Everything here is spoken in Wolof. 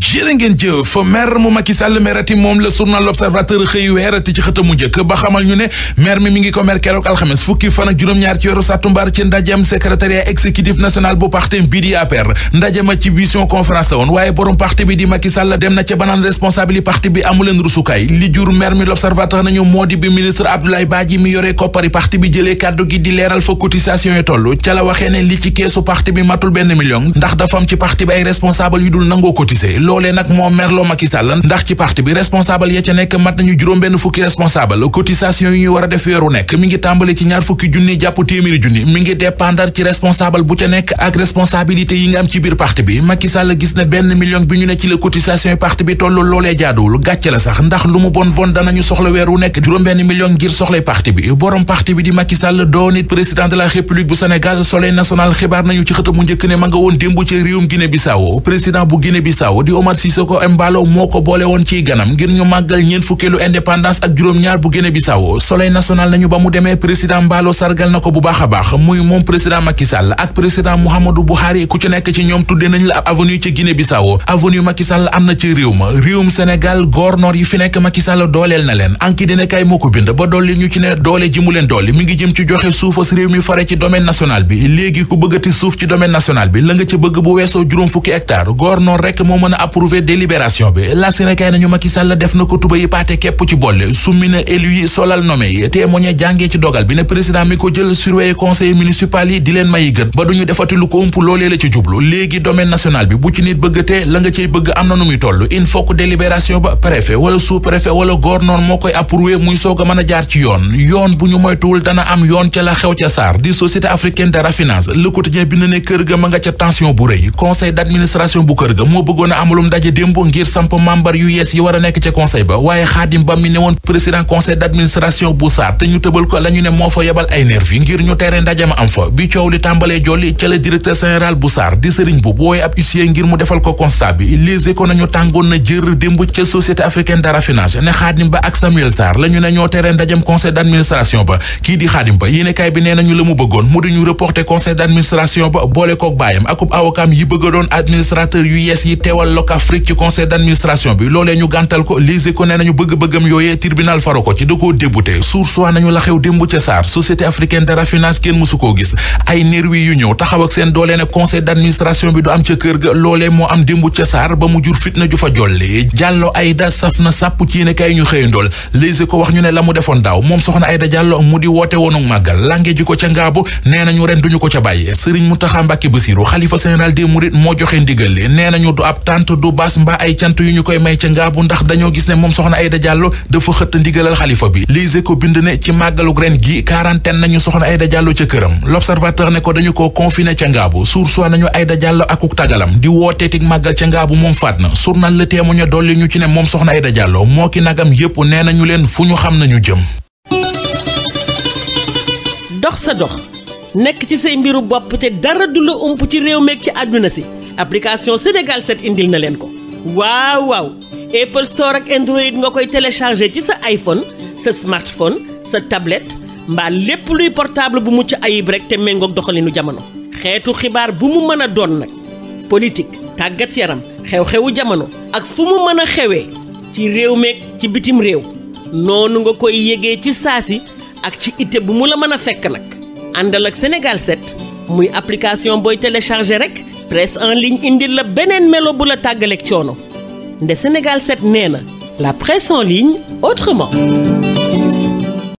jërë ngeen jëf maire mu Macky Sall merati moom la journal l'Observateur xëy weerati ci xëtam mu njëkk ba xamal ñu ne maire mi mi ngi ko mer keroog alxames fukki fan ak juróom-ñaar ci weeru sàttumbar ci ndajem secrétariat exécutif national bu parti bi di APR ndajema ci vision conférence la woon waaye borom parti bi di Macky Sall dem na ca banaan responsable yi parti bi amuleen rusukaay li jur maire mi l'Observateur nañu moo di bi ministre Abdoulaye Badji mi yoree koppari parti bi jëlee kàddu gi di leeral fa cotisation yi li ci keesu parti bi matul benn million ndax dafa am ci parti bi ay responsable loolee nag moo merloo Macky Sall ndax ci parti bi responsable ya ca nekk mat nañu juróom-benn fukki responsable cotisation yi ñuy war a def weeru nekk mi ngi tàmbale ci ñaar fukki junni jàpp téeméeri junni mi ngi dépendre ci responsable bu ca nekk ak responsabilité yi nga am ci biir parti bi Macky Sall gis na benn million bi ñu ne ci la cotisation yi parti bi toll loolee jaaduwul gàcce la sax ndax lu mu bon bon danañu soxla wu nekk juróom-benn million ngir soxlay parti bi borom parti bi di Macky Sall doon président de la république bu Sénégal soleil national xibaar nañu ci xëtam mu njëkk ne ma nga woon démb ci réewum Guinée Bissau président bu Guinée Bissau di Omar Sissoko Embalo moo a baax am na ci réew ma réewum Sénégal gornoor yi fi nekk Macky Sall dooleel na leen anki dina moo ko bind ba dolli ñu ci ne doole ji mu leen dolli mi ngi jëm ci joxe suufas réew mi fare ci domaine national bi léegi ku bëggati suuf ci domaine national bi la nga ci bëgg bu weesoo juróom fukki hectare gornoor rek moo mën a approuvé délibération bi la si nekkaay nañu Macky Sall def na ko tuba yi paate képp ci bolle summi na élu yi solal nommé yi témoigné jàngee ci dogal bi ne président mi ko jël surveiller conseil municipal yi di leen mayi gët ba duñu defati lu ko ëmp loolee la ci jublu léegi domaine national bi bu ci nit te la nga cey bëgg am na nu muy toll il faut que délibération ba préfet wala sous préfet wala gornoor moo koy approuvé muy soog a mën a jaar ci yoon yoon bu ñu dana am yoon ca la xew ca nga ca tension bu rëy bu kër moo bëggoon a wàllum daje démb ngir samp membre yu yees yi war a nekk ca conseil ba waaye xaadim ba mi ne woon président conseil d'administration bu SAR te ñu tëbal ko la ne moo fa yebal ay nervi ngir ñu tere ndaje ma am fa bi coow li tàmbalee jolli ca la directeur général bu SAR di Serigne Mboup wooye ab huissier ngir mu defal ko constat bi Les nañu tàngoon na jër démb ca société africaine de raffinage ne xaadim ba ak Samuel Sarr la ne ñoo tere ndajem conseil d'administration Afrique ci conseil d'administration bi loolee ñu gàntal ko Les Échos nee nañu bëgg-bëggam yooyee tribunal faro ko ci da koo débouté sursoi nañu la xew démb ca Saar société africaine de raffinage kenn mësu koo gis ay nerwi yu ñëw taxaw ak seen doolee ne conseil d'administration bi du am ca kër ga loolee moo am démb ca Saar ba mu jur fitna ju fa jolli Diallo Aïda saf sàpp ci ne kay ñu xëyandool Les Échos wax ñu ne la mu defoon daaw moom soxna Aïda du bas mbaa ay cant yu ñu koy may ca ngaabu ndax dañoo gis ne moom soxna Aïda Diallo dafa xëtt ndigalal xalifa bi Les ko bind ne ci màggalu ren gi quarantaine nañu soxna Aïda Diallo ca këram L'Observateur ne ko dañu ko confiné ca ngaabu sursoi nañu Aïda Diallo akuk tagalam di wooteetig màggal ca ngaabu moom faat na surnal Le Témoin ñu dolli ñu ci ne moom soxna Aïda Diallo moo ki nagam yépp nee nañu leen fu ñu xam nañu jëm dox sa dox nekk ci say mbiru bopp te ci réew meeg si application Sénégal set indil na leen ko waaw waaw Apple Store ak Android nga koy télécharger ci sa iPhone sa smartphone sa tablette mbaa lépp luy portable bu mucc ayib rek te méngoog doxalinu jamono xeetu xibaar bu mu mën a doon nag politique tàggat yaram xew-xewu jamono ak fu mu mën a xewee ci réew meeg ci bitim réew noonu nga koy yégee ci saasi ak ci ite bu mu la mën a fekk nag àndal ak Sénégal set muy application booy télécharger rek presse en ligne indil la beneen melo bu la tàggaleek coono nde Sénégal 7 nee na la presse en ligne autrement